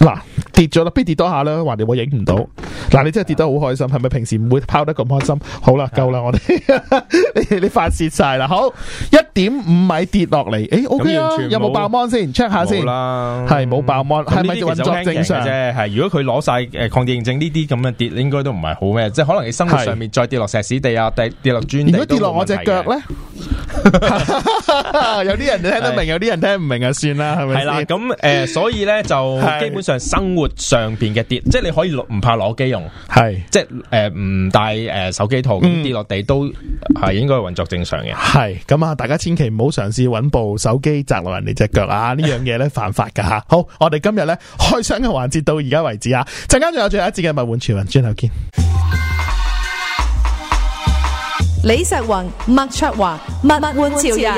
嗱。啊跌咗啦，必跌多下啦，橫掂我影唔到。嗱，你真係跌得好開心，係咪平時唔會拋得咁開心？好啦，夠啦，我 哋你，你發發泄晒啦。好，一點五米跌落嚟，誒 O K 啊有冇爆芒先 check 下先，係冇爆芒，係、嗯、咪運作正常啫？
係，如果佢攞晒誒抗跌認證呢啲咁嘅跌，應該都唔係好咩？即係可能你生活上面再跌落石屎地啊，跌落磚地都冇。如果跌落我隻腳咧， 有啲人聽得明，有啲人聽唔明啊，算啦，係咪先？係啦，咁、呃、所以咧 就基本上生活。上邊嘅跌，即係你可以唔怕攞機用，係即係誒唔帶誒手機套跌到，跌落地都係應該運作正常嘅。
係咁啊，大家千祈唔好嘗試揾部手機砸落人哋隻腳啊！呢樣嘢咧犯法噶吓、啊。好，我哋今日咧開箱嘅環節到而家為止啊！陣間仲有最後一節嘅物玩潮人，轉頭見。李石雲、麥卓華、物玩潮人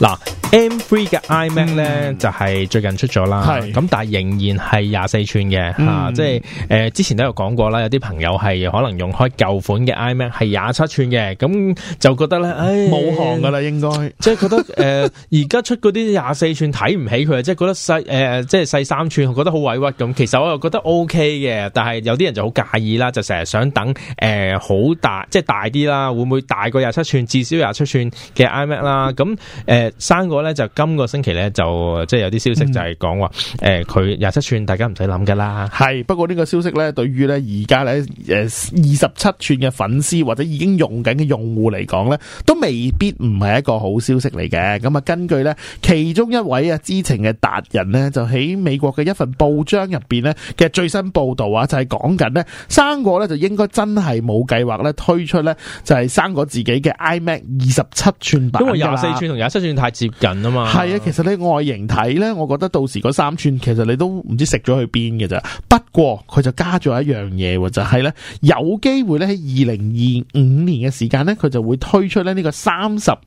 嗱。M3 嘅 iMac 咧、嗯、就係、是、最近出咗啦，咁但係仍然係廿四寸嘅吓，即係誒之前都有講過啦，有啲朋友係可能用開舊款嘅 iMac 係廿七寸嘅，咁就覺得咧，誒冇行噶啦應該、就是 呃就是呃，即係覺得誒而家出嗰啲廿四寸睇唔起佢啊，即係覺得細誒即係細三寸，覺得好委屈咁。其實我又覺得 OK 嘅，但係有啲人就好介意啦，就成日想等誒、呃、好大即係、就是、大啲啦，會唔會大過廿七寸，至少廿七寸嘅 iMac 啦，咁誒三個。生咧就今個星期咧就即係有啲消息就係講話，誒佢廿七寸大家唔使諗噶啦係。
不過呢個消息咧對於咧而家咧誒二十七寸嘅粉絲或者已經用緊嘅用戶嚟講咧都未必唔係一個好消息嚟嘅。咁啊根據咧其中一位啊知情嘅達人咧就喺美國嘅一份報章入邊咧嘅最新報道啊就係講緊咧生果咧就應該真係冇計劃咧推出咧就係生果自己嘅 iMac 二十七寸版，因爲廿四寸
同廿七寸太接近。啊嘛，係啊，其
實你外形睇咧，我覺得到時嗰三寸，其實你都唔知食咗去邊嘅咋。不過佢就加咗一樣嘢，就係咧有機會咧喺二零二五年嘅時間咧，佢就會推出咧呢個三十二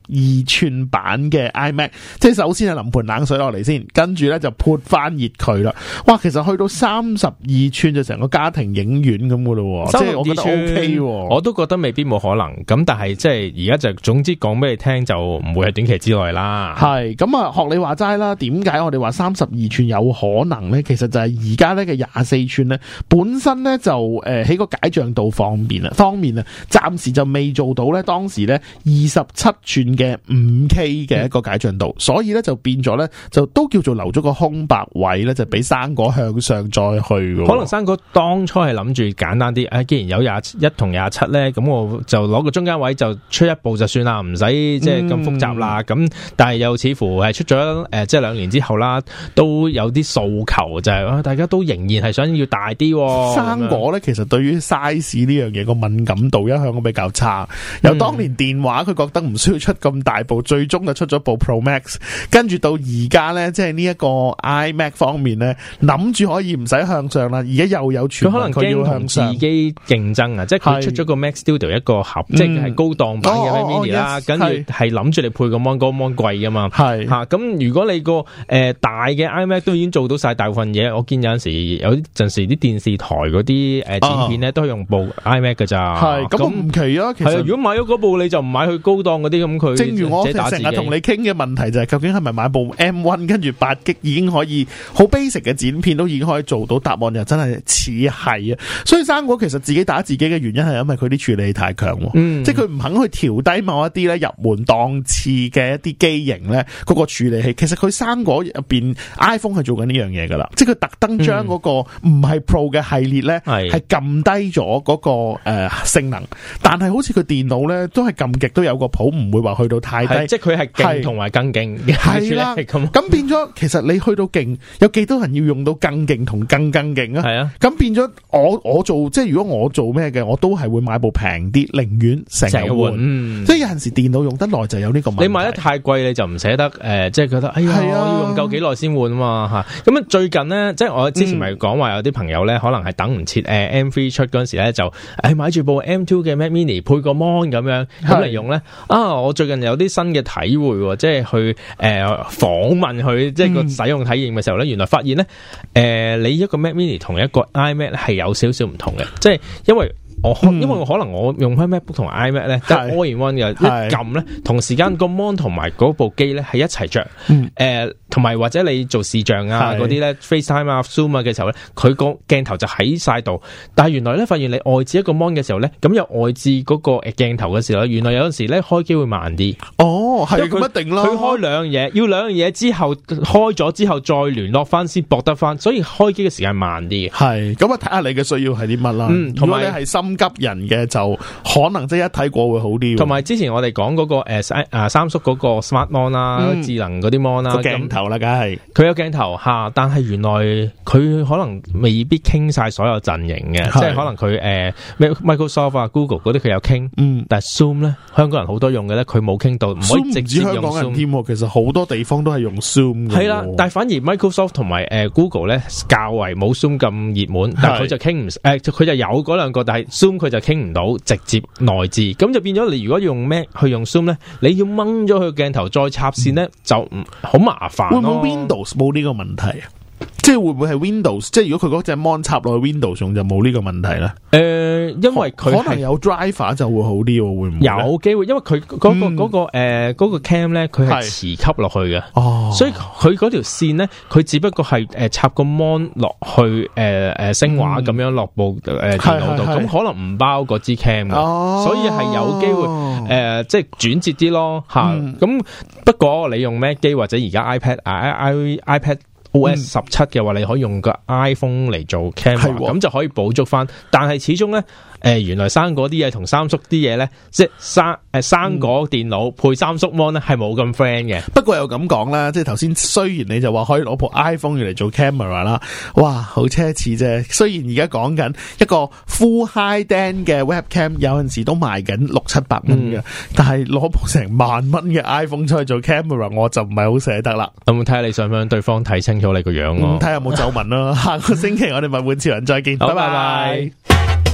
寸版嘅 iMac。即係首先係淋盆冷水落嚟先，跟住咧就潑翻熱佢啦。哇，其實去到三十二寸就成個家庭影院咁噶咯，即係我覺得 OK，哦，
我都覺得未必冇可能。咁但係即係而家就總之講俾你聽，就唔會係短期之內啦。係咁啊，學你
話齋啦，點解我哋話三十二寸有可能呢？其實就係而家呢個廿四寸呢，本身呢就誒喺個解像度方面啊，方面啊，暫時就未做到呢，當時呢，二十七寸嘅五 K 嘅一個解像度，嗯、所以呢就變咗呢，就都叫做留咗個空白位呢，就俾生果向上再去。可能生
果當初係諗住簡單啲，誒，既然有廿一同廿七呢，咁我就攞個中間位就出一步就算啦，唔使即係咁複雜啦。咁、嗯、但係又。似乎係出咗誒、呃，即係兩年之後啦，都有啲訴求就係、是，大家都仍然係想要大啲、啊。生果咧，其實對於 size 呢樣嘢個敏感度一向都比較差、嗯。
由當年電話，佢覺得唔需要出咁大部，最終就出咗部 Pro Max，跟住到而家咧，即係呢一個 iMac 方面咧，諗住可以唔使向上啦。而家又有傳聞，佢可能佢要同自
己競爭啊，爭啊即係佢出咗個 Mac Studio 一個盒，即係高檔版嘅 Mini 啦、哦，跟住係諗住你配個 Mon，個 Mon 貴噶嘛。係吓咁，啊、如果你個誒、呃、大嘅 iMac 都已經做到晒大部分嘢，我見有陣時有陣時啲電視台嗰啲誒剪片咧，都係用部 iMac 噶咋。係咁唔
奇啊，其實如果
買咗嗰部，你就唔買佢高檔嗰啲咁佢。正如我成日同你
傾嘅問題就係、是，究竟係咪買部 M1 跟住八 g 已經可以好 basic 嘅剪片都已經可以做到？答案又真係似係啊！所以生果其實自己打自己嘅原因係因為佢啲處理太強、嗯，即係佢唔肯去調低某一啲咧入門檔次嘅一啲機型咧。嗰個處理器，其實佢生果入邊 iPhone 係做緊呢樣嘢噶啦，即係佢特登將嗰個唔係 Pro 嘅系列咧，係撳低咗嗰個誒性能。但係好似佢電腦咧，都係撳極都有個譜，唔會話去到太低。即係佢係勁同
埋更勁係啦。
咁變咗，其實你去到勁，有幾多人要用到更勁同更更勁啊？係啊。咁變咗，我我做即係如果我做咩嘅，我都係會買部平啲，寧願成日換。即係有陣時電腦用得耐就有呢個問題，你
買得太貴你就唔使。寫得誒、呃，即係覺得，哎呀，我、啊、要用夠幾耐先換啊嘛，吓咁啊！最近咧，即係我之前咪講話有啲朋友咧、嗯，可能係等唔切誒，M3 出嗰陣時咧，就誒買住部 M2 嘅 Mac Mini 配個 Mon 咁樣咁嚟用咧。啊，我最近有啲新嘅體會，即係去誒訪、呃、問佢，即係個使用體驗嘅時候咧、嗯，原來發現咧，誒、呃、你一個 Mac Mini 同一個 iMac 係有少少唔同嘅，即係因為。我、嗯、因為我可能我用 MacBook 同 iMac 咧，得 All in one 嘅一撳咧，同時間個 Mon 同埋嗰部機咧係一齊着。嗯呃同埋或者你做視像啊嗰啲咧 FaceTime 啊 Zoom 啊嘅時候咧，佢個鏡頭就喺晒度。但係原來咧，發現你外置一個 Mon 嘅時候咧，咁又外置嗰個鏡頭嘅時候呢，候原來有陣時咧開機會慢啲。哦，係咁一定啦。佢開兩樣嘢，要兩樣嘢之後開咗之後再聯絡翻先駁得翻，所以開機嘅時間慢啲。係，係咁啊，睇下你嘅需要係啲乜啦。嗯，同埋你係心急人嘅就可能即一睇過會好啲。同埋之前我哋講嗰個誒、啊啊、三啊三叔嗰個 Smart Mon 啦、啊嗯，智能嗰啲 Mon 啦，鏡頭。啦，梗係佢有鏡頭吓，但係原來佢可能未必傾晒所有陣營嘅，即係可能佢誒 Microsoft 啊、Google 嗰啲佢有傾，但係 Zoom 咧，香港人好多用嘅咧，佢冇傾到，唔可以直接用 Zoom。其實好多地方都係用 Zoom 嘅。係啦，但係反而 Microsoft 同埋誒 Google 咧，較為冇 Zoom 咁熱門，但係佢就傾唔誒，佢就有嗰兩個，但係 Zoom 佢就傾唔到，直接內置，咁就變咗你如果用咩去用 Zoom 咧，你要掹咗佢鏡頭再插綫咧，就唔好麻煩。會冇 Windows 冇呢個問題啊！即係會唔會係 Windows？即係如果佢嗰隻 mon 插落去 Windows 上就冇呢個問題呢？誒、呃，因為可能
有 driver 就會
好啲，會唔會有機會？因為佢嗰、嗰個嗰、嗯嗰個誒、呃嗰個 cam 咧，佢係磁吸落去嘅，哦，所以佢嗰條線咧，佢只不過係誒、呃、插個 mon 落去誒誒聲畫咁樣落部誒電腦度，咁可能唔包嗰支 cam 嘅，所以係有機會誒、呃，即係轉接啲咯吓。咁、嗯、不過你用 Mac 機或者而家 iPad 啊 I,，I I iPad。O.S. 十七嘅話，你可以用個 iPhone 嚟做 camera，咁就可以補足翻。但係始終呢誒，原來生果啲嘢同三叔啲嘢呢？即係生誒生果電腦配三叔 mon 呢係冇咁 friend 嘅，嗯。
不過又咁講啦，即係頭先雖然你就話可以攞部 iPhone 嚟做 camera 啦，哇，好奢侈啫。雖然而家講緊一個 full high den 嘅 webcam，有陣時都賣緊六七百蚊嘅，但係攞部成萬蚊嘅 iPhone 出去做 camera，我就唔係好捨得啦。咁
睇下你想唔想對方睇清楚你個樣咯？睇，嗯，下有冇皺紋啦，下個星期我哋咪換次人，再見。好，拜拜拜，拜拜。